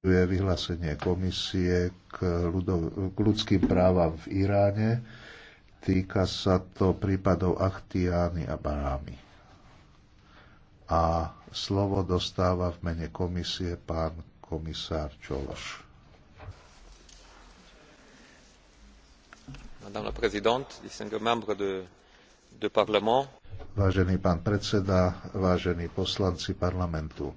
je vyhlásenie komisie k, ľudov, k ľudským právam v Iráne. Týka sa to prípadov Achtiány a Barámy. A slovo dostáva v mene komisie pán komisár Čološ. Madame la présidente, distingués membres de, de parlement. Vážený pán predseda, vážení poslanci parlamentu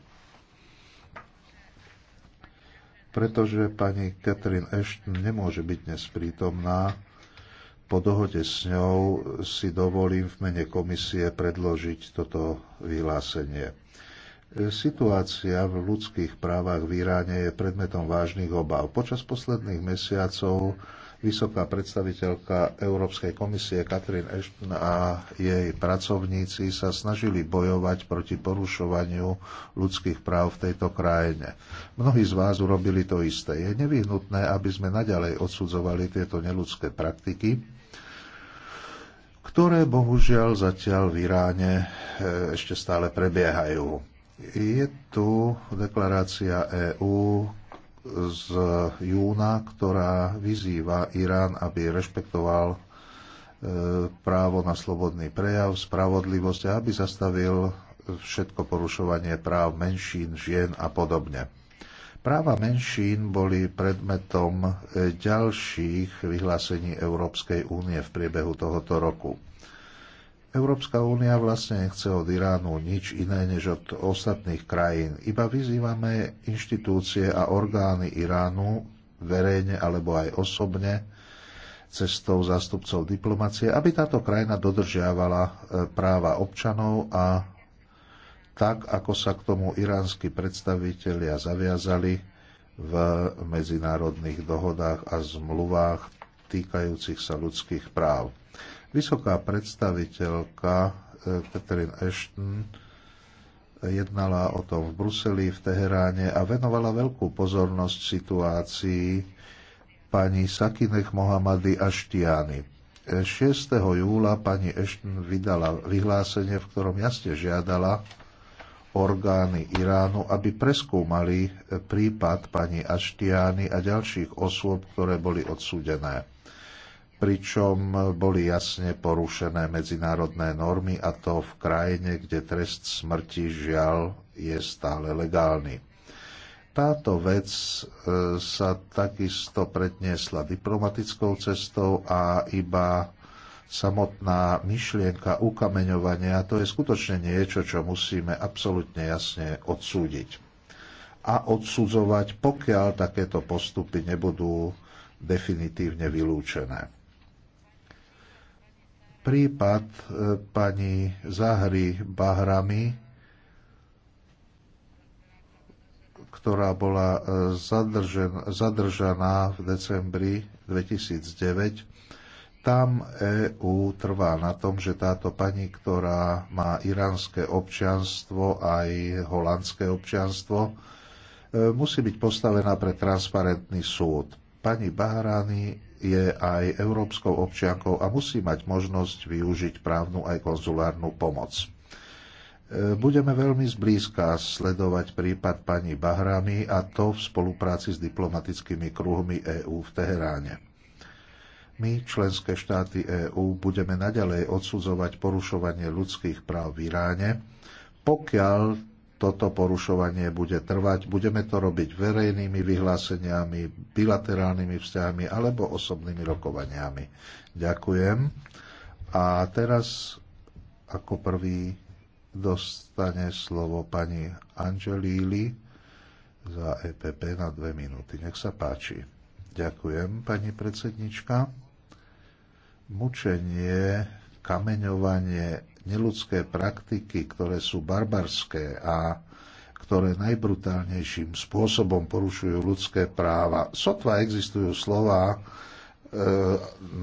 pretože pani Catherine Ashton nemôže byť dnes prítomná. Po dohode s ňou si dovolím v mene komisie predložiť toto vyhlásenie. Situácia v ľudských právach v Iráne je predmetom vážnych obav. Počas posledných mesiacov vysoká predstaviteľka Európskej komisie Katrin Ashton a jej pracovníci sa snažili bojovať proti porušovaniu ľudských práv v tejto krajine. Mnohí z vás urobili to isté. Je nevyhnutné, aby sme naďalej odsudzovali tieto neludské praktiky, ktoré bohužiaľ zatiaľ v Iráne e, ešte stále prebiehajú. Je tu deklarácia EÚ, z júna, ktorá vyzýva Irán, aby rešpektoval e, právo na slobodný prejav, spravodlivosť a aby zastavil všetko porušovanie práv menšín, žien a podobne. Práva menšín boli predmetom e, ďalších vyhlásení Európskej únie v priebehu tohoto roku. Európska únia vlastne nechce od Iránu nič iné než od ostatných krajín. Iba vyzývame inštitúcie a orgány Iránu verejne alebo aj osobne cestou zástupcov diplomacie, aby táto krajina dodržiavala e, práva občanov a tak, ako sa k tomu iránsky predstavitelia zaviazali v medzinárodných dohodách a zmluvách týkajúcich sa ľudských práv. Vysoká predstaviteľka e, Catherine Ashton jednala o tom v Bruseli, v Teheráne a venovala veľkú pozornosť situácii pani Sakinech Mohamady Aštiany. 6. E, júla pani Ashton vydala vyhlásenie, v ktorom jasne žiadala orgány Iránu, aby preskúmali e, prípad pani Aštiany a ďalších osôb, ktoré boli odsúdené pričom boli jasne porušené medzinárodné normy a to v krajine, kde trest smrti žiaľ je stále legálny. Táto vec e, sa takisto predniesla diplomatickou cestou a iba samotná myšlienka ukameňovania, to je skutočne niečo, čo musíme absolútne jasne odsúdiť. A odsudzovať, pokiaľ takéto postupy nebudú definitívne vylúčené. Prípad e, pani Zahry Bahrami, ktorá bola e, zadržen, zadržaná v decembri 2009. Tam EÚ trvá na tom, že táto pani, ktorá má iránske občianstvo aj holandské občianstvo, e, musí byť postavená pre transparentný súd. Pani Bahrani je aj európskou občiankou a musí mať možnosť využiť právnu aj konzulárnu pomoc. E, budeme veľmi zblízka sledovať prípad pani Bahrami a to v spolupráci s diplomatickými kruhmi EÚ v Teheráne. My, členské štáty EÚ, budeme naďalej odsudzovať porušovanie ľudských práv v Iráne, pokiaľ toto porušovanie bude trvať. Budeme to robiť verejnými vyhláseniami, bilaterálnymi vzťahmi alebo osobnými rokovaniami. Ďakujem. A teraz ako prvý dostane slovo pani Angelíli za EPP na dve minúty. Nech sa páči. Ďakujem, pani predsednička. Mučenie, kameňovanie, neludské praktiky, ktoré sú barbarské a ktoré najbrutálnejším spôsobom porušujú ľudské práva. Sotva existujú slova e,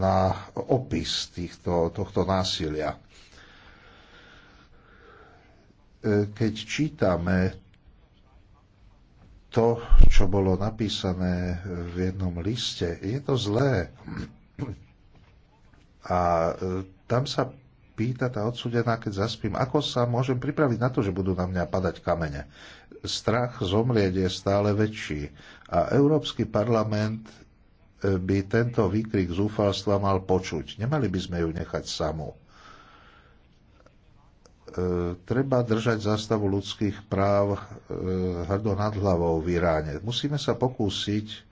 na opis týchto, tohto násilia. E, keď čítame to, čo bolo napísané v jednom liste, je to zlé. A e, tam sa pýta tá odsudená, keď zaspím, ako sa môžem pripraviť na to, že budú na mňa padať kamene. Strach zomrieť je stále väčší a Európsky parlament e, by tento výkrik zúfalstva mal počuť. Nemali by sme ju nechať samú. E, treba držať zástavu ľudských práv e, hrdo nad hlavou v Iráne. Musíme sa pokúsiť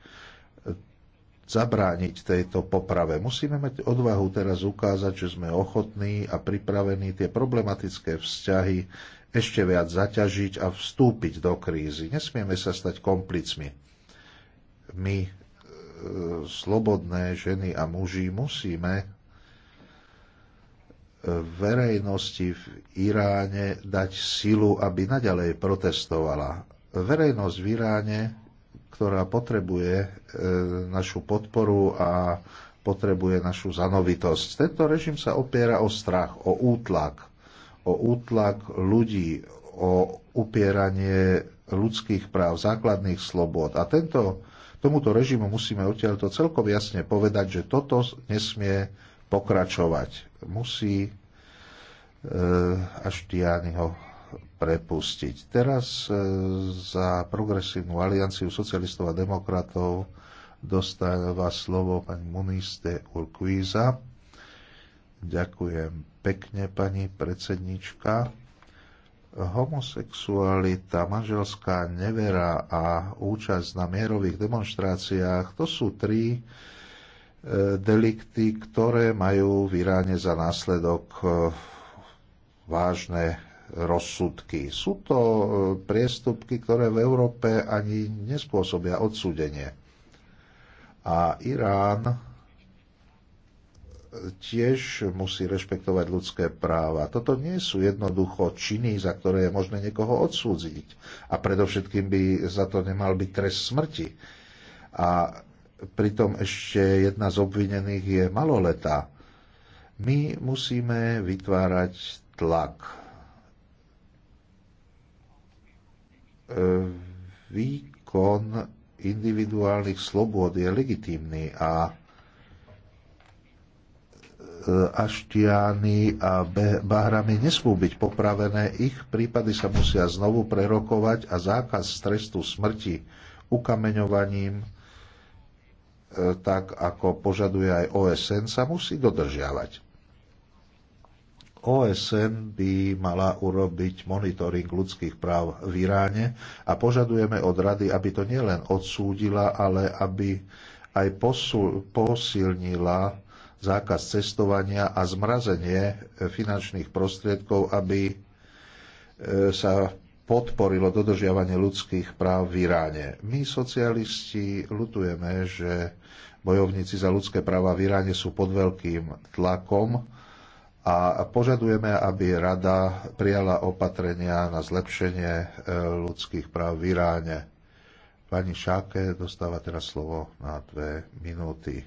zabrániť tejto poprave. Musíme mať odvahu teraz ukázať, že sme ochotní a pripravení tie problematické vzťahy ešte viac zaťažiť a vstúpiť do krízy. Nesmieme sa stať komplicmi. My, e, slobodné ženy a muži, musíme e, verejnosti v Iráne dať silu, aby naďalej protestovala. Verejnosť v Iráne ktorá potrebuje e, našu podporu a potrebuje našu zanovitosť. Tento režim sa opiera o strach, o útlak, o útlak ľudí, o upieranie ľudských práv, základných slobod. A tento, tomuto režimu musíme odtiaľto celkom jasne povedať, že toto nesmie pokračovať. Musí e, Aštiani ho prepustiť. Teraz e, za Progresívnu alianciu socialistov a demokratov dostáva slovo pani Muniste Urquiza. Ďakujem pekne, pani predsednička. Homosexualita, manželská nevera a účasť na mierových demonstráciách, to sú tri e, delikty, ktoré majú v Iráne za následok e, vážne rozsudky. Sú to e, priestupky, ktoré v Európe ani nespôsobia odsúdenie. A Irán e, tiež musí rešpektovať ľudské práva. Toto nie sú jednoducho činy, za ktoré je možné niekoho odsúdiť. A predovšetkým by za to nemal byť trest smrti. A pritom ešte jedna z obvinených je maloletá. My musíme vytvárať tlak E, výkon individuálnych slobôd je legitímny a e, Aštiány a Bahrami nesmú byť popravené, ich prípady sa musia znovu prerokovať a zákaz trestu smrti ukameňovaním, e, tak ako požaduje aj OSN, sa musí dodržiavať. OSN by mala urobiť monitoring ľudských práv v Iráne a požadujeme od rady, aby to nielen odsúdila, ale aby aj posul, posilnila zákaz cestovania a zmrazenie finančných prostriedkov, aby e, sa podporilo dodržiavanie ľudských práv v Iráne. My, socialisti, lutujeme, že bojovníci za ľudské práva v Iráne sú pod veľkým tlakom a požadujeme, aby rada prijala opatrenia na zlepšenie e, ľudských práv v Iráne. Pani Šáke dostáva teraz slovo na dve minúty.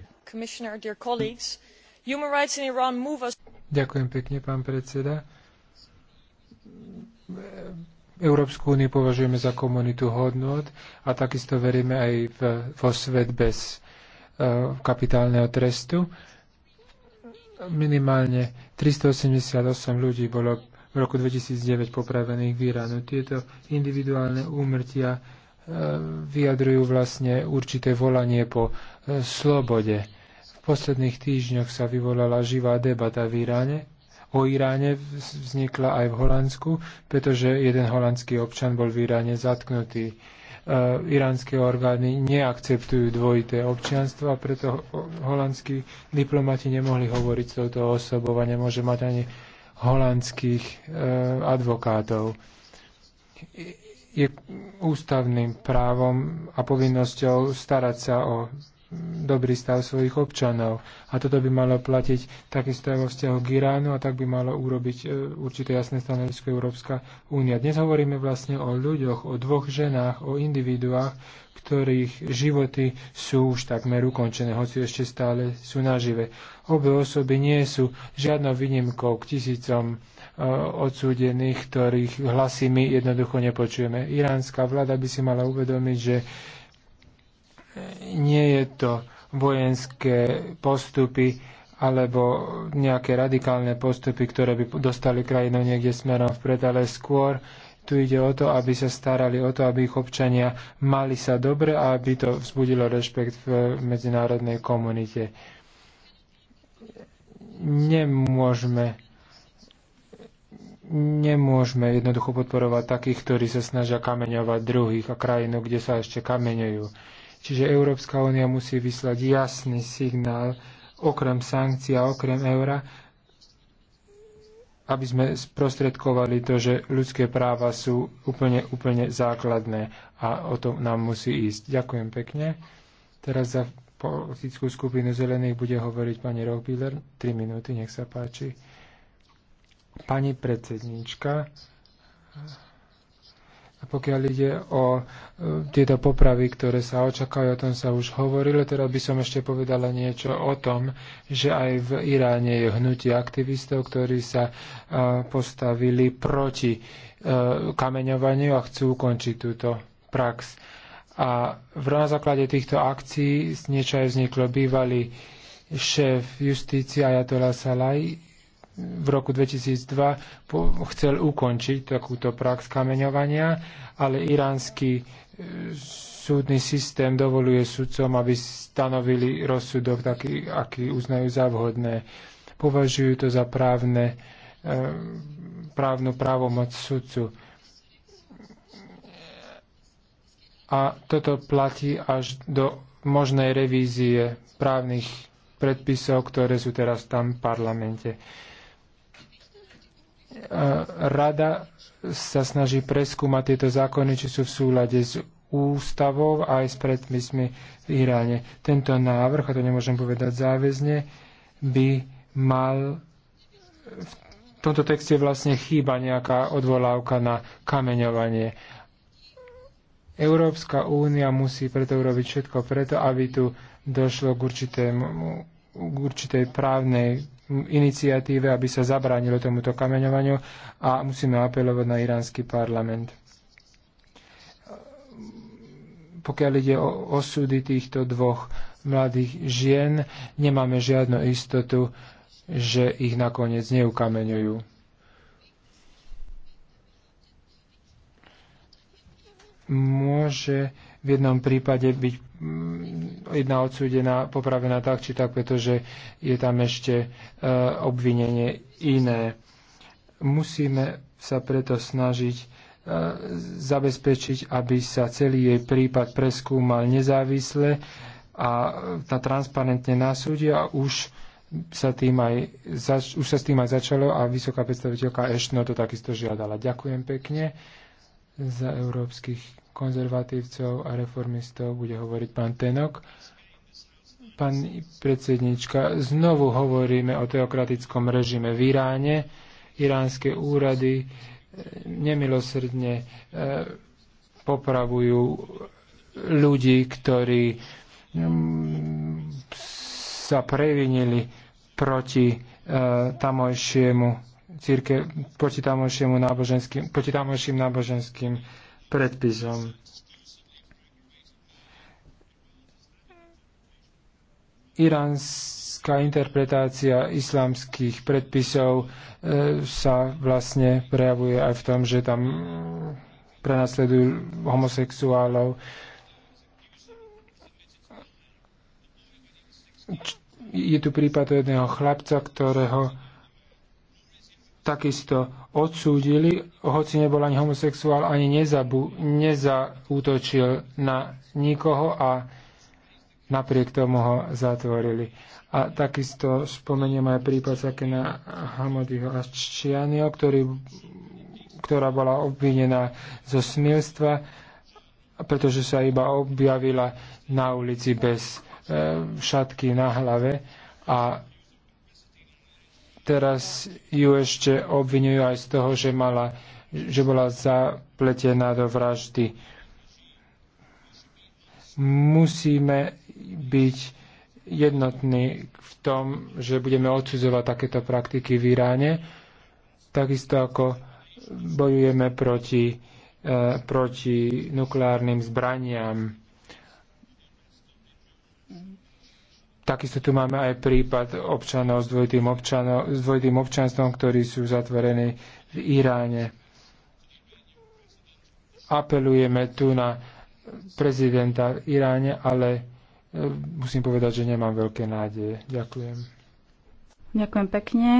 Ďakujem pekne, pán predseda. Európsku úniu považujeme za komunitu hodnot a takisto veríme aj v, vo svet bez uh, kapitálneho trestu. Uh, minimálne 388 ľudí bolo v roku 2009 popravených v Iránu. Tieto individuálne úmrtia e, vyjadrujú vlastne určité volanie po e, slobode. V posledných týždňoch sa vyvolala živá debata v Iráne. O Iráne vznikla aj v Holandsku, pretože jeden holandský občan bol v Iráne zatknutý. E, iránske orgány neakceptujú dvojité občianstvo a preto holandskí diplomati nemohli hovoriť s touto osobou a nemôže mať ani holandských e, advokátov. Je ústavným právom a povinnosťou starať sa o dobrý stav svojich občanov. A toto by malo platiť takisto aj vo vzťahu k Iránu a tak by malo urobiť e, určité jasné stanovisko Európska únia. Dnes hovoríme vlastne o ľuďoch, o dvoch ženách, o individuách, ktorých životy sú už takmer ukončené, hoci ešte stále sú nažive. Obe osoby nie sú žiadnou výnimkou k tisícom e, odsúdených, ktorých hlasy my jednoducho nepočujeme. Iránska vláda by si mala uvedomiť, že nie je to vojenské postupy alebo nejaké radikálne postupy, ktoré by dostali krajinu niekde smerom vpred, ale skôr tu ide o to, aby sa starali o to, aby ich občania mali sa dobre a aby to vzbudilo rešpekt v medzinárodnej komunite. Nemôžeme nemôžeme jednoducho podporovať takých, ktorí sa snažia kameňovať druhých a krajinu, kde sa ešte kameňujú. Čiže Európska únia musí vyslať jasný signál, okrem sankcií a okrem eura, aby sme sprostredkovali to, že ľudské práva sú úplne, úplne základné a o to nám musí ísť. Ďakujem pekne. Teraz za politickú skupinu zelených bude hovoriť pani Rockbiller. Tri minúty, nech sa páči. Pani predsednička, a pokiaľ ide o e, tieto popravy, ktoré sa očakajú, o tom sa už hovorilo, teraz by som ešte povedala niečo o tom, že aj v Iráne je hnutie aktivistov, ktorí sa e, postavili proti e, kameňovaniu a chcú ukončiť túto prax. A v na základe týchto akcií niečo aj vzniklo. Bývalý šéf justície Ayatollah Salaj v roku 2002 chcel ukončiť takúto prax kameňovania, ale iránsky e, súdny systém dovoluje sudcom, aby stanovili rozsudok taký, aký uznajú za vhodné. Považujú to za právne, e, právnu právomoc sudcu. A toto platí až do možnej revízie právnych predpisov, ktoré sú teraz tam v parlamente. Rada sa snaží preskúmať tieto zákony, či sú v súlade s ústavou aj s predpismi v Iráne. Tento návrh, a to nemôžem povedať záväzne, by mal v tomto texte vlastne chýba nejaká odvolávka na kameňovanie. Európska únia musí preto urobiť všetko preto, aby tu došlo k určitému k určitej právnej iniciatíve, aby sa zabránilo tomuto kameňovaniu a musíme apelovať na iránsky parlament. Pokiaľ ide o osudy týchto dvoch mladých žien, nemáme žiadnu istotu, že ich nakoniec neukameňujú. Môže v jednom prípade byť Mm, jedna odsúdená, popravená tak či tak, pretože je tam ešte e, obvinenie iné. Musíme sa preto snažiť e, zabezpečiť, aby sa celý jej prípad preskúmal nezávisle a transparentne na súde a už sa, tým aj, už sa s tým aj začalo a vysoká predstaviteľka Eštno to takisto žiadala. Ďakujem pekne za európskych konzervatívcov a reformistov bude hovoriť pán Tenok. Pani predsednička, znovu hovoríme o teokratickom režime v Iráne. Iránske úrady eh, nemilosrdne eh, popravujú ľudí, ktorí mm, sa previnili proti eh, tamojšiemu círke, proti tamojšiemu náboženským, proti tamojším náboženským predpisom. Iránska interpretácia islamských predpisov e, sa vlastne prejavuje aj v tom, že tam prenasledujú homosexuálov. Je tu prípad jedného chlapca, ktorého takisto odsúdili, hoci nebol ani homosexuál, ani nezabu, nezaútočil na nikoho a napriek tomu ho zatvorili. A takisto spomeniem aj prípad Sakena Hamodiho Aščianio, ktorý, ktorá bola obvinená zo smilstva, pretože sa iba objavila na ulici bez e, šatky na hlave a Teraz ju ešte obvinujú aj z toho, že, mala, že bola zapletená do vraždy. Musíme byť jednotní v tom, že budeme odsudzovať takéto praktiky v Iráne, takisto ako bojujeme proti, e, proti nukleárnym zbraniam Takisto tu máme aj prípad občanov s dvojitým, občanov, s dvojitým občanstvom, ktorí sú zatvorení v Iráne. Apelujeme tu na prezidenta v Iráne, ale e, musím povedať, že nemám veľké nádeje. Ďakujem. Ďakujem pekne.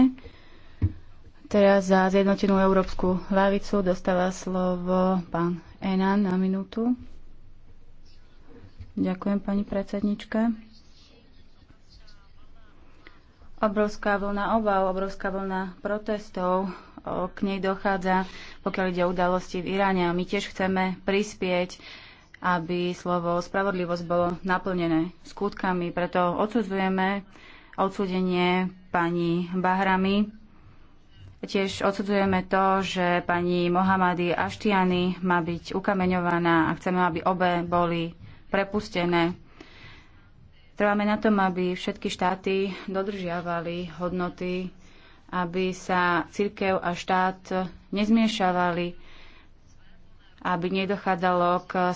Teraz za zjednotenú európsku hlavicu dostáva slovo pán Enan na minútu. Ďakujem pani predsednička obrovská vlna obav, obrovská vlna protestov, k nej dochádza, pokiaľ ide o udalosti v Iráne. A my tiež chceme prispieť, aby slovo spravodlivosť bolo naplnené skutkami. Preto odsudzujeme odsudenie pani Bahrami. Tiež odsudzujeme to, že pani Mohamady Aštiany má byť ukameňovaná a chceme, aby obe boli prepustené. Trváme na tom, aby všetky štáty dodržiavali hodnoty, aby sa církev a štát nezmiešavali, aby nedochádzalo k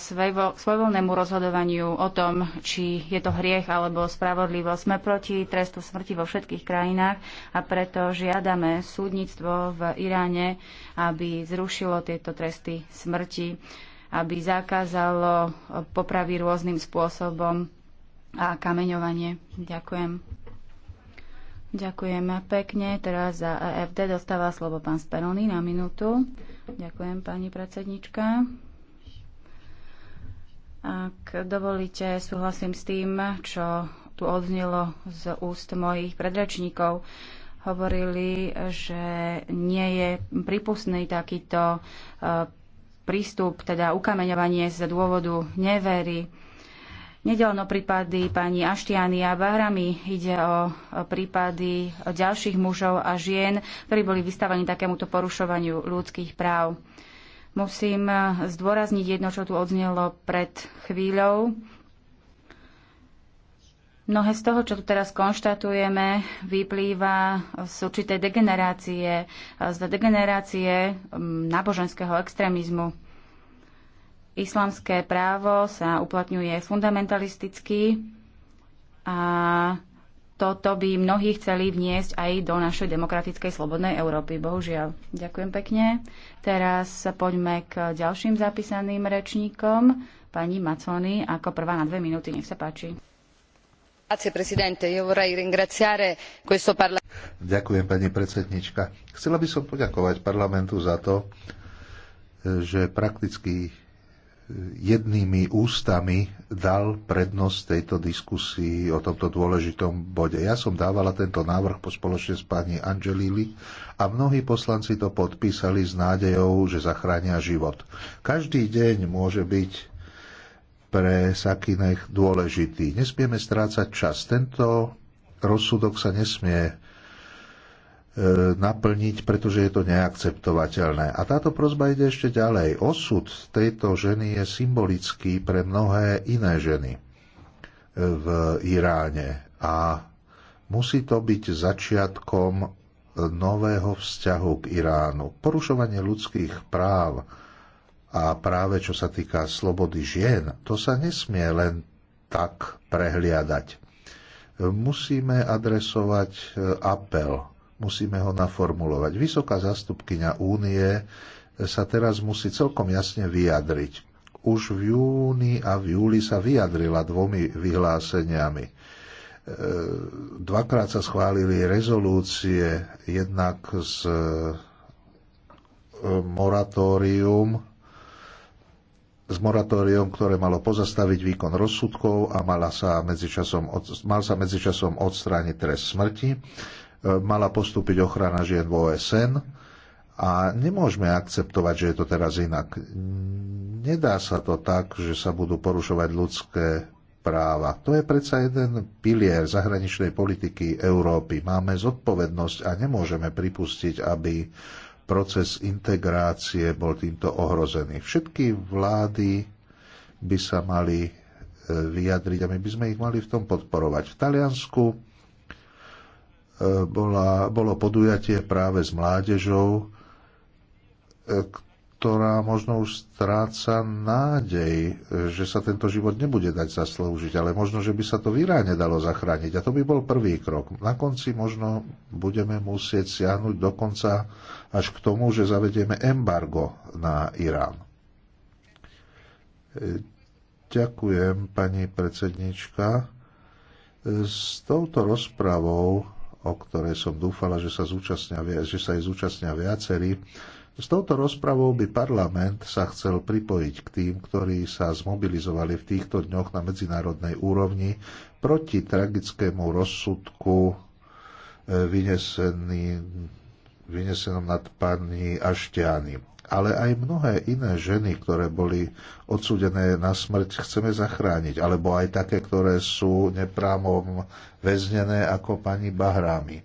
svojvoľnému rozhodovaniu o tom, či je to hriech alebo spravodlivosť. Sme proti trestu smrti vo všetkých krajinách a preto žiadame súdnictvo v Iráne, aby zrušilo tieto tresty smrti, aby zakázalo popravy rôznym spôsobom a kameňovanie. Ďakujem. Ďakujem pekne. Teraz za EFD dostáva slovo pán Speroni na minútu. Ďakujem, pani predsednička. Ak dovolíte, súhlasím s tým, čo tu odznelo z úst mojich predrečníkov hovorili, že nie je prípustný takýto e, prístup, teda ukameňovanie z dôvodu nevery. Nedelno prípady pani Aštiany a Bahrami ide o prípady ďalších mužov a žien, ktorí boli vystavení takémuto porušovaniu ľudských práv. Musím zdôrazniť jedno, čo tu odznelo pred chvíľou. Mnohé z toho, čo tu teraz konštatujeme, vyplýva z určitej degenerácie, z degenerácie mm, náboženského extrémizmu islamské právo sa uplatňuje fundamentalisticky a toto by mnohí chceli vniesť aj do našej demokratickej slobodnej Európy. Bohužiaľ. Ďakujem pekne. Teraz poďme k ďalším zapísaným rečníkom. Pani Maconi, ako prvá na dve minúty, nech sa páči. Ďakujem, pani predsednička. Chcela by som poďakovať parlamentu za to, že prakticky jednými ústami dal prednosť tejto diskusii o tomto dôležitom bode. Ja som dávala tento návrh po spoločne s pani Angelili a mnohí poslanci to podpísali s nádejou, že zachránia život. Každý deň môže byť pre Sakinech dôležitý. Nesmieme strácať čas. Tento rozsudok sa nesmie E, naplniť, pretože je to neakceptovateľné. A táto prozba ide ešte ďalej. Osud tejto ženy je symbolický pre mnohé iné ženy e, v Iráne a musí to byť začiatkom nového vzťahu k Iránu. Porušovanie ľudských práv a práve čo sa týka slobody žien, to sa nesmie len tak prehliadať. Musíme adresovať e, apel musíme ho naformulovať. Vysoká zastupkyňa únie sa teraz musí celkom jasne vyjadriť. Už v júni a v júli sa vyjadrila dvomi vyhláseniami. E, dvakrát sa schválili rezolúcie, jednak z e, moratórium, s moratórium, ktoré malo pozastaviť výkon rozsudkov a mala sa medzičasom, mal sa medzičasom odstrániť trest smrti mala postúpiť ochrana žien v OSN a nemôžeme akceptovať, že je to teraz inak. Nedá sa to tak, že sa budú porušovať ľudské práva. To je predsa jeden pilier zahraničnej politiky Európy. Máme zodpovednosť a nemôžeme pripustiť, aby proces integrácie bol týmto ohrozený. Všetky vlády by sa mali e, vyjadriť a my by sme ich mali v tom podporovať. V Taliansku bola, bolo podujatie práve s mládežou, e, ktorá možno už stráca nádej, že sa tento život nebude dať zaslúžiť, ale možno, že by sa to v Iráne dalo zachrániť. A to by bol prvý krok. Na konci možno budeme musieť siahnuť dokonca až k tomu, že zavedieme embargo na Irán. E, ďakujem, pani predsednička. E, s touto rozpravou o ktoré som dúfala, že sa, zúčastnia, že sa jej zúčastnia viacerí. S touto rozpravou by parlament sa chcel pripojiť k tým, ktorí sa zmobilizovali v týchto dňoch na medzinárodnej úrovni proti tragickému rozsudku e, vynesený vynesenom nad pani Aštiany. Ale aj mnohé iné ženy, ktoré boli odsúdené na smrť, chceme zachrániť. Alebo aj také, ktoré sú neprámom väznené ako pani bahrami. E,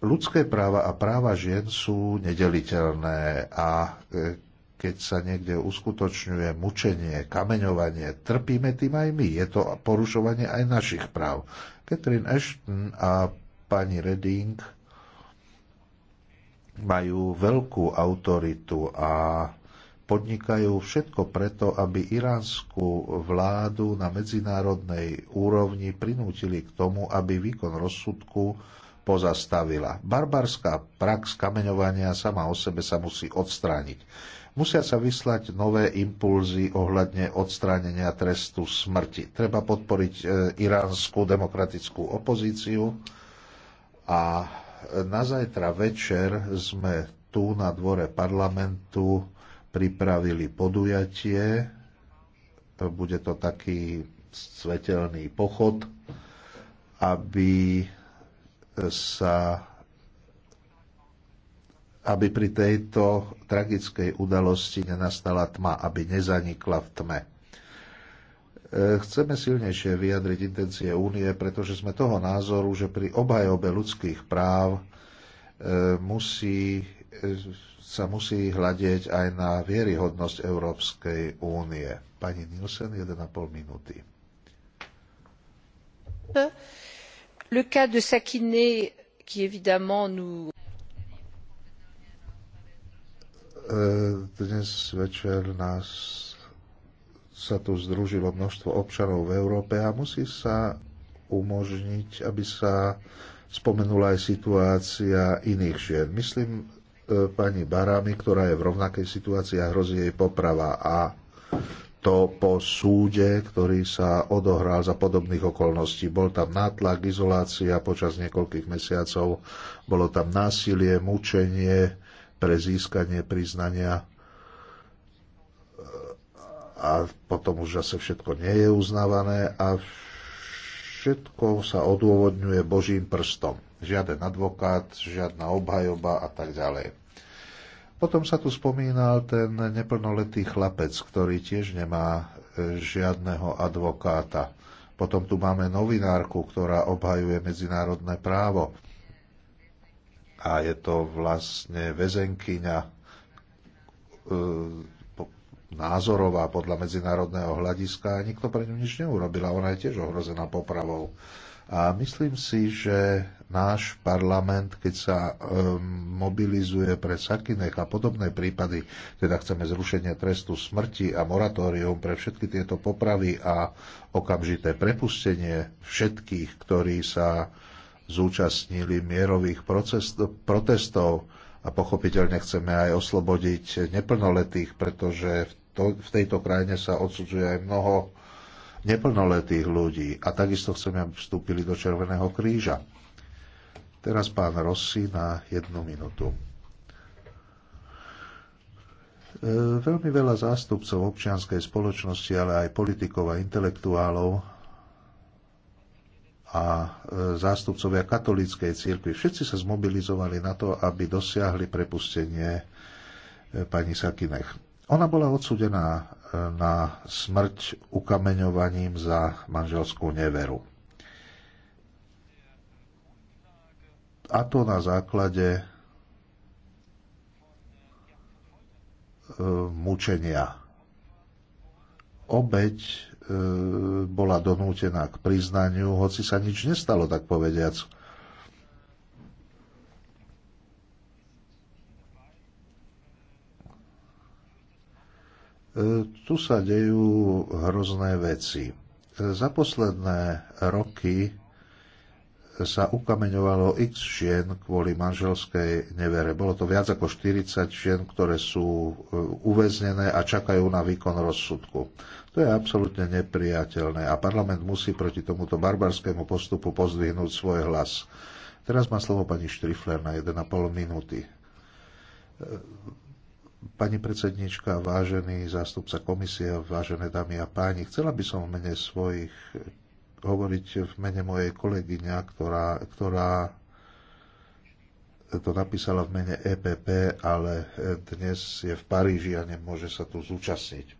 ľudské práva a práva žien sú nedeliteľné a e, keď sa niekde uskutočňuje mučenie, kameňovanie, trpíme tým aj my. Je to porušovanie aj našich práv. Catherine Ashton a pani Reding majú veľkú autoritu a podnikajú všetko preto, aby iránsku vládu na medzinárodnej úrovni prinútili k tomu, aby výkon rozsudku pozastavila. Barbarská prax kameňovania sama o sebe sa musí odstrániť. Musia sa vyslať nové impulzy ohľadne odstránenia trestu smrti. Treba podporiť e, iránsku demokratickú opozíciu, a na zajtra večer sme tu na dvore parlamentu pripravili podujatie. Bude to taký svetelný pochod, aby sa aby pri tejto tragickej udalosti nenastala tma, aby nezanikla v tme. E, chceme silnejšie vyjadriť intencie únie, pretože sme toho názoru, že pri obhajobe ľudských práv e, musí, e, sa musí hľadieť aj na vieryhodnosť Európskej únie. Pani Nielsen, 1,5 minúty. Le cas de Sakine, qui évidemment nous dnes večer nás sa tu združilo množstvo občanov v Európe a musí sa umožniť, aby sa spomenula aj situácia iných žien. Myslím e, pani Barami, ktorá je v rovnakej situácii a hrozí jej poprava a to po súde, ktorý sa odohral za podobných okolností. Bol tam nátlak, izolácia počas niekoľkých mesiacov, bolo tam násilie, mučenie pre získanie priznania a potom už zase všetko nie je uznávané a všetko sa odôvodňuje Božím prstom. Žiaden advokát, žiadna obhajoba a tak ďalej. Potom sa tu spomínal ten neplnoletý chlapec, ktorý tiež nemá e, žiadneho advokáta. Potom tu máme novinárku, ktorá obhajuje medzinárodné právo. A je to vlastne väzenkyňa e, názorová podľa medzinárodného hľadiska a nikto pre ňu nič neurobil a ona je tiež ohrozená popravou. A myslím si, že náš parlament, keď sa e, mobilizuje pre Sakinek a podobné prípady, teda chceme zrušenie trestu smrti a moratórium pre všetky tieto popravy a okamžité prepustenie všetkých, ktorí sa zúčastnili mierových proces, protestov a pochopiteľne chceme aj oslobodiť neplnoletých, pretože v to, v tejto krajine sa odsudzuje aj mnoho neplnoletých ľudí a takisto chceme, aby vstúpili do Červeného kríža. Teraz pán Rossi na jednu minútu. E, veľmi veľa zástupcov občianskej spoločnosti, ale aj politikov a intelektuálov a e, zástupcovia katolíckej cirkvi, všetci sa zmobilizovali na to, aby dosiahli prepustenie e, pani Sakinech ona bola odsudená e, na smrť ukameňovaním za manželskú neveru. A to na základe e, mučenia. Obeď e, bola donútená k priznaniu, hoci sa nič nestalo, tak povediac E, tu sa dejú hrozné veci. E, za posledné roky sa ukameňovalo x žien kvôli manželskej nevere. Bolo to viac ako 40 žien, ktoré sú e, uväznené a čakajú na výkon rozsudku. To je absolútne nepriateľné a parlament musí proti tomuto barbarskému postupu pozdvihnúť svoj hlas. Teraz má slovo pani Štrifler na 1,5 minúty. Pani predsednička, vážený zástupca komisie, vážené dámy a páni, chcela by som v mene svojich hovoriť v mene mojej kolegyňa, ktorá, ktorá to napísala v mene EPP, ale dnes je v Paríži a nemôže sa tu zúčastniť.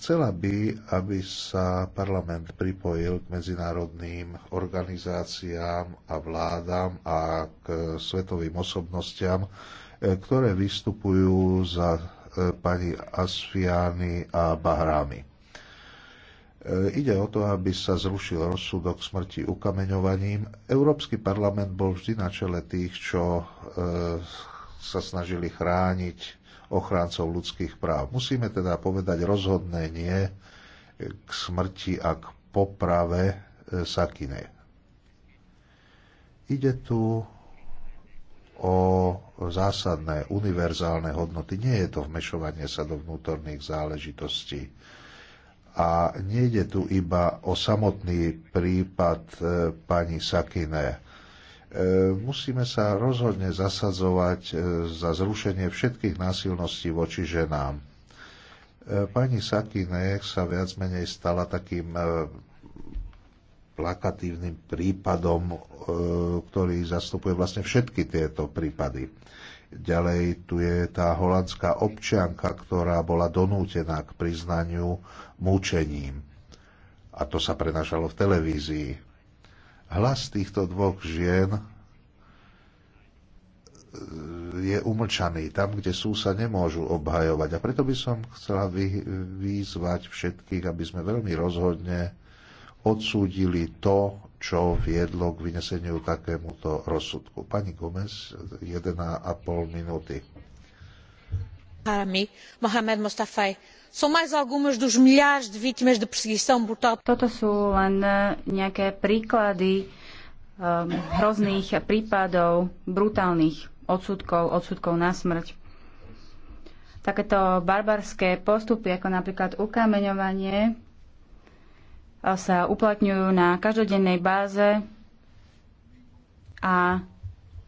Chcela by, aby sa parlament pripojil k medzinárodným organizáciám a vládam a k svetovým osobnostiam, ktoré vystupujú za e, pani Asfiány a Bahrámy. E, ide o to, aby sa zrušil rozsudok smrti ukameňovaním. Európsky parlament bol vždy na čele tých, čo e, sa snažili chrániť ochráncov ľudských práv. Musíme teda povedať rozhodné nie k smrti a k poprave Sakine. Ide tu o zásadné univerzálne hodnoty. Nie je to vmešovanie sa do vnútorných záležitostí. A nejde tu iba o samotný prípad e, pani Sakine. E, musíme sa rozhodne zasadzovať e, za zrušenie všetkých násilností voči ženám. E, pani Sakine sa viac menej stala takým e, plakatívnym prípadom, e, ktorý zastupuje vlastne všetky tieto prípady. Ďalej tu je tá holandská občianka, ktorá bola donútená k priznaniu mučením. A to sa prenašalo v televízii. Hlas týchto dvoch žien e, je umlčaný tam, kde sú, sa nemôžu obhajovať. A preto by som chcela vyzvať všetkých, aby sme veľmi rozhodne odsúdili to, čo viedlo k vyneseniu takémuto rozsudku. Pani Gomez, 1,5 minúty. Mohamed Mostafaj. Sú mais algumas dos milhares de vítimas de perseguição brutal. Toto sú len e, nejaké príklady um, hrozných prípadov brutálnych odsudkov, odsudkov na smrť. Takéto barbarské postupy, ako napríklad ukameňovanie, sa uplatňujú na každodennej báze a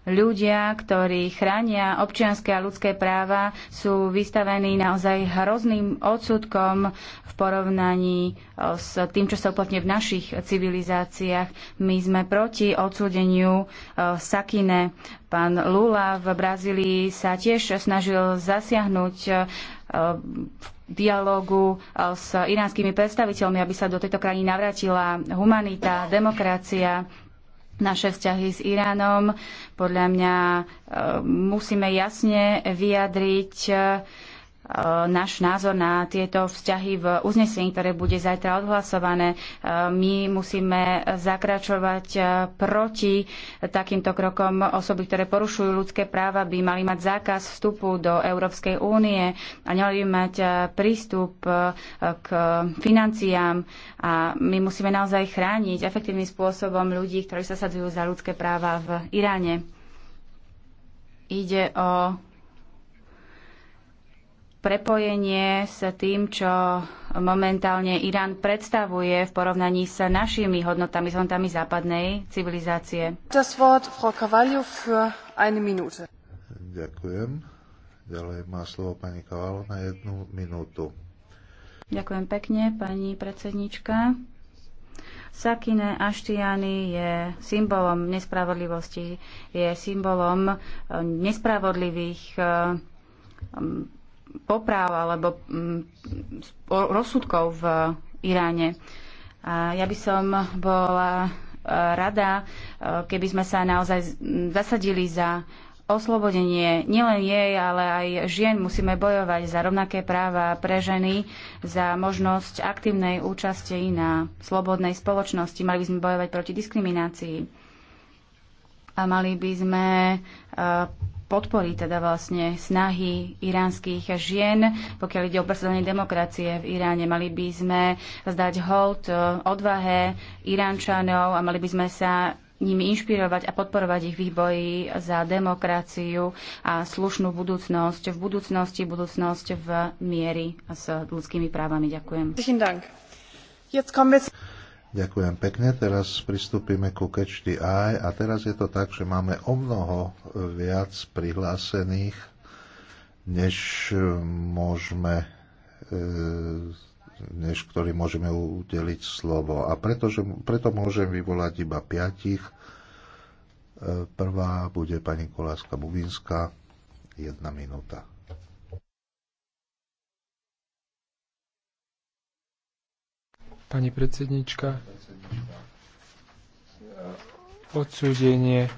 ľudia, ktorí chránia občianské a ľudské práva, sú vystavení naozaj hrozným odsudkom v porovnaní s tým, čo sa uplatňuje v našich civilizáciách. My sme proti odsúdeniu Sakine. Pán Lula v Brazílii sa tiež snažil zasiahnuť v dialógu eh, s iránskymi predstaviteľmi, aby sa do tejto krajiny navrátila humanita, demokracia, naše vzťahy s Iránom. Podľa mňa eh, musíme jasne vyjadriť eh, E, náš názor na tieto vzťahy v uznesení, ktoré bude zajtra odhlasované. E, my musíme zakračovať e, proti takýmto krokom. Osoby, ktoré porušujú ľudské práva, by mali mať zákaz vstupu do Európskej únie a nemali by mať prístup k financiám. A my musíme naozaj chrániť efektívnym spôsobom ľudí, ktorí sa sadzujú za ľudské práva v Iráne. Ide o prepojenie s tým, čo momentálne Irán predstavuje v porovnaní s našimi hodnotami, s hodnotami západnej civilizácie. Das Wort, Frau Cavallo, für eine Minute. Ďakujem. Ďalej má slovo pani Cavallo na jednu minútu. Ďakujem pekne, pani predsednička. Sakine Aštiany je symbolom nespravodlivosti, je symbolom eh, nespravodlivých eh, popráv alebo mm, rozsudkov v Iráne. A ja by som bola e, rada, e, keby sme sa naozaj zasadili za oslobodenie nielen jej, ale aj žien musíme bojovať za rovnaké práva pre ženy, za možnosť aktívnej účasti na slobodnej spoločnosti. Mali by sme bojovať proti diskriminácii a mali by sme e, podporí teda vlastne snahy iránskych žien, pokiaľ ide o presadenie demokracie v Iráne. Mali by sme zdať hold e, odvahe Iránčanov a mali by sme sa nimi inšpirovať a podporovať ich výboji za demokraciu a slušnú budúcnosť v budúcnosti, budúcnosť v miery a s ľudskými právami. Ďakujem. Ďakujem pekne. Teraz pristúpime ku Catch the Eye a teraz je to tak, že máme o mnoho viac prihlásených, než môžeme e, než ktorý môžeme udeliť slovo. A pretože, preto môžem vyvolať iba piatich. E, prvá bude pani Koláska Bubinská. Jedna minúta. Pani predsednička, odsúdenie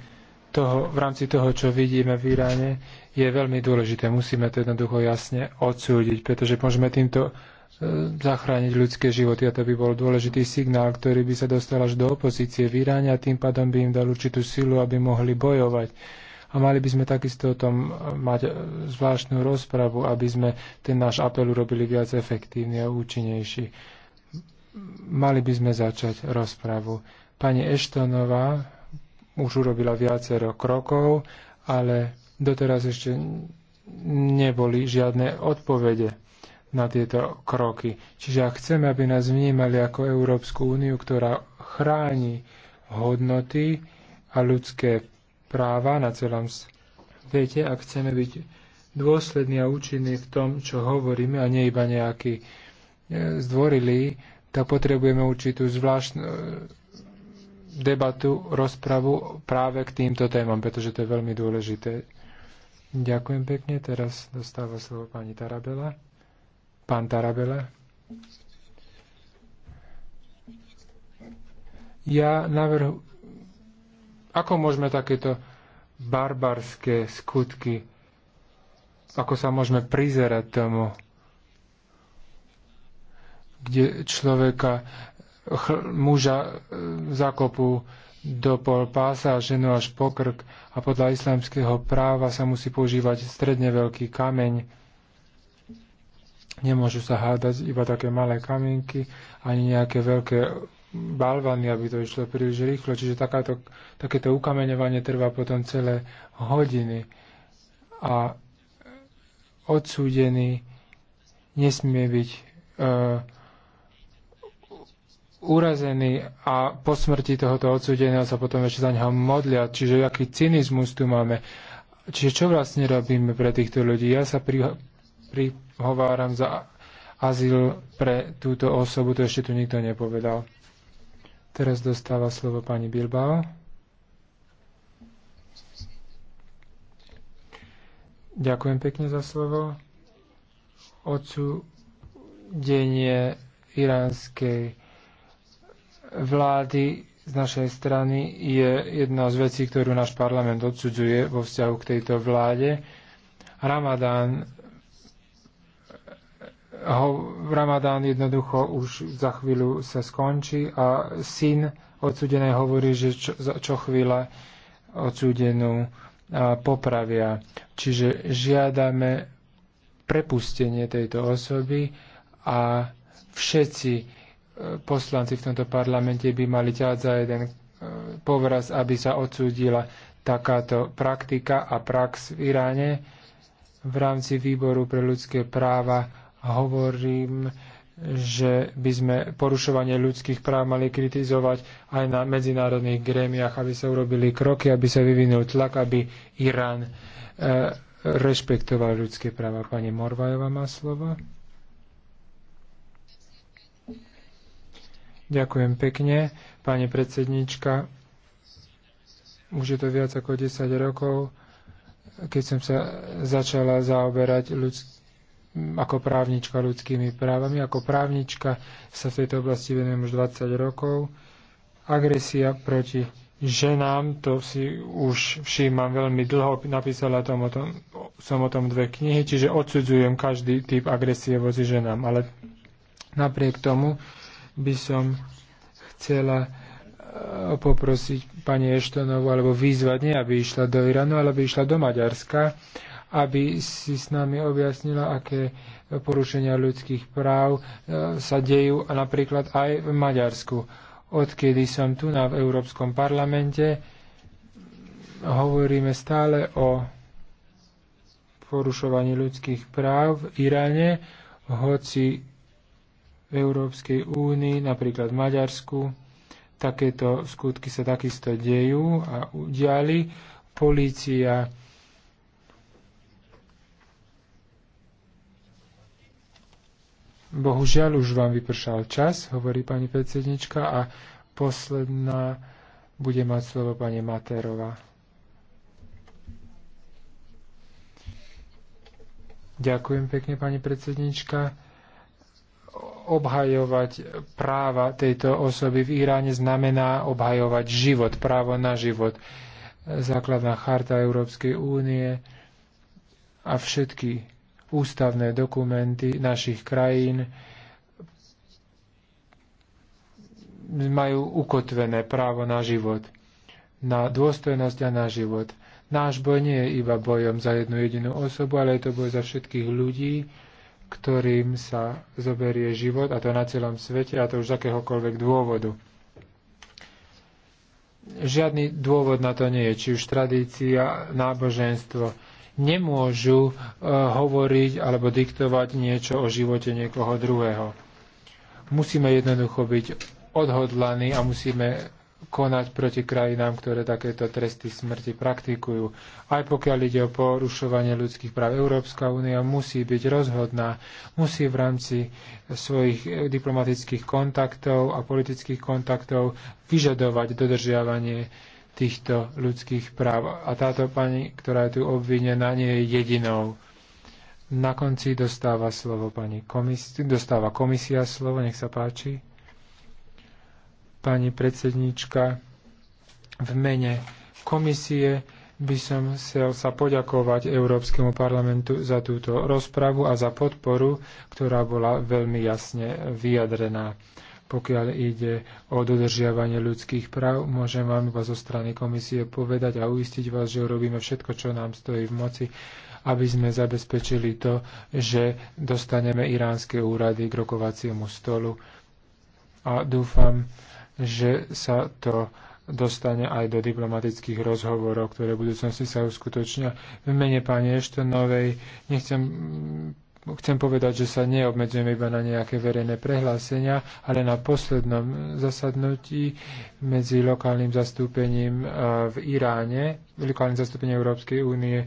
toho, v rámci toho, čo vidíme v Iráne, je veľmi dôležité. Musíme to jednoducho jasne odsúdiť, pretože môžeme týmto e, zachrániť ľudské životy a to by bol dôležitý signál, ktorý by sa dostal až do opozície v Iráne a tým pádom by im dal určitú silu, aby mohli bojovať. A mali by sme takisto o tom e, mať e, zvláštnu rozpravu, aby sme ten náš apel urobili viac efektívny a účinnejší mali by sme začať rozpravu. Pani Eštonová už urobila viacero krokov, ale doteraz ešte neboli žiadne odpovede na tieto kroky. Čiže ak chceme, aby nás vnímali ako Európsku úniu, ktorá chráni hodnoty a ľudské práva na celom svete, ak chceme byť dôslední a účinní v tom, čo hovoríme a nie iba nejaký e, zdvorilý tak potrebujeme určitú zvláštnu e, debatu, rozpravu práve k týmto témam, pretože to je veľmi dôležité. Ďakujem pekne. Teraz dostáva slovo pani Tarabela. Pán Tarabela. Ja navrhu... Ako môžeme takéto barbarské skutky, ako sa môžeme prizerať tomu? kde človeka, muža e, zakopú do pol pása a ženu až po krk a podľa islamského práva sa musí používať stredne veľký kameň. Nemôžu sa hádať iba také malé kamienky, ani nejaké veľké balvany, aby to išlo príliš rýchlo. Čiže takáto, takéto ukameňovanie trvá potom celé hodiny. A odsúdený nesmie byť e, urazený a po smrti tohoto odsudeného sa potom ešte za neho modlia. Čiže aký cynizmus tu máme. Čiže čo vlastne robíme pre týchto ľudí? Ja sa priho- prihováram za azyl pre túto osobu, to ešte tu nikto nepovedal. Teraz dostáva slovo pani Bilbao. Ďakujem pekne za slovo. Odsúdenie iránskej vlády z našej strany je jedna z vecí, ktorú náš parlament odsudzuje vo vzťahu k tejto vláde. Ramadán, ho, Ramadán jednoducho už za chvíľu sa skončí a syn odsudené hovorí, že čo, čo chvíľa odsudenú popravia. Čiže žiadame prepustenie tejto osoby a všetci poslanci v tomto parlamente by mali ťať za jeden e, povraz, aby sa odsúdila takáto praktika a prax v Iráne. V rámci výboru pre ľudské práva hovorím, že by sme porušovanie ľudských práv mali kritizovať aj na medzinárodných grémiach, aby sa urobili kroky, aby sa vyvinul tlak, aby Irán e, rešpektoval ľudské práva. Pani Morvajová má slovo. Ďakujem pekne, pani predsednička. Už je to viac ako 10 rokov, keď som sa začala zaoberať ľudským ako právnička ľudskými právami. Ako právnička sa v tejto oblasti venujem už 20 rokov. Agresia proti ženám, to si už všímam veľmi dlho, napísala tom, o tom, som o tom dve knihy, čiže odsudzujem každý typ agresie vozi ženám, ale napriek tomu by som chcela e, poprosiť pani Eštonovu alebo vyzvať, nie aby išla do Iránu, ale aby išla do Maďarska, aby si s nami objasnila, aké porušenia ľudských práv e, sa dejú napríklad aj v Maďarsku. Odkedy som tu na v Európskom parlamente, hovoríme stále o porušovaní ľudských práv v Iráne, hoci v Európskej únii, napríklad v Maďarsku. Takéto skutky sa takisto dejú a udiali. Polícia Bohužiaľ už vám vypršal čas, hovorí pani predsednička a posledná bude mať slovo pani Materová. Ďakujem pekne, pani predsednička obhajovať práva tejto osoby v Iráne znamená obhajovať život, právo na život. Základná charta Európskej únie a všetky ústavné dokumenty našich krajín majú ukotvené právo na život, na dôstojnosť a na život. Náš boj nie je iba bojom za jednu jedinú osobu, ale je to boj za všetkých ľudí, ktorým sa zoberie život, a to na celom svete, a to už z akéhokoľvek dôvodu. Žiadny dôvod na to nie je, či už tradícia, náboženstvo. Nemôžu e, hovoriť alebo diktovať niečo o živote niekoho druhého. Musíme jednoducho byť odhodlaní a musíme konať proti krajinám, ktoré takéto tresty smrti praktikujú. Aj pokiaľ ide o porušovanie ľudských práv, Európska únia musí byť rozhodná, musí v rámci svojich eh, diplomatických kontaktov a politických kontaktov vyžadovať dodržiavanie týchto ľudských práv. A táto pani, ktorá je tu obvinená, nie je jedinou. Na konci dostáva slovo pani komis- dostáva komisia slovo, nech sa páči pani predsednička. V mene komisie by som chcel sa poďakovať Európskemu parlamentu za túto rozpravu a za podporu, ktorá bola veľmi jasne vyjadrená. Pokiaľ ide o dodržiavanie ľudských práv, môžem vám iba zo strany komisie povedať a uistiť vás, že urobíme všetko, čo nám stojí v moci, aby sme zabezpečili to, že dostaneme iránske úrady k rokovaciemu stolu. A dúfam, že sa to dostane aj do diplomatických rozhovorov, ktoré v budúcnosti sa uskutočnia. V mene pani Eštenovej nechcem chcem povedať, že sa neobmedzujeme iba na nejaké verejné prehlásenia, ale na poslednom zasadnutí medzi lokálnym zastúpením e, v Iráne, lokálnym zastúpením Európskej únie, e,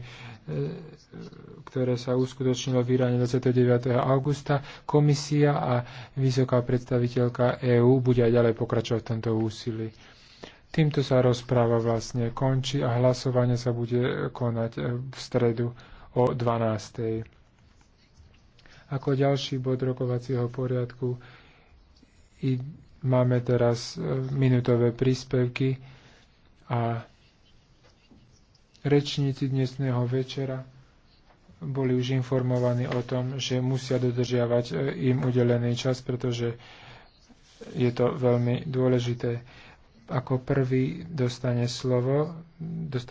ktoré sa uskutočnilo v Iráne 29. augusta, komisia a vysoká predstaviteľka EÚ bude aj ďalej pokračovať v tomto úsilí. Týmto sa rozpráva vlastne končí a hlasovanie sa bude konať e, v stredu o 12. Ako ďalší bod rokovacieho poriadku i máme teraz e, minutové príspevky a rečníci dnesného večera boli už informovaní o tom, že musia dodržiavať e, im udelený čas, pretože je to veľmi dôležité. Ako prvý dostane slovo, dostane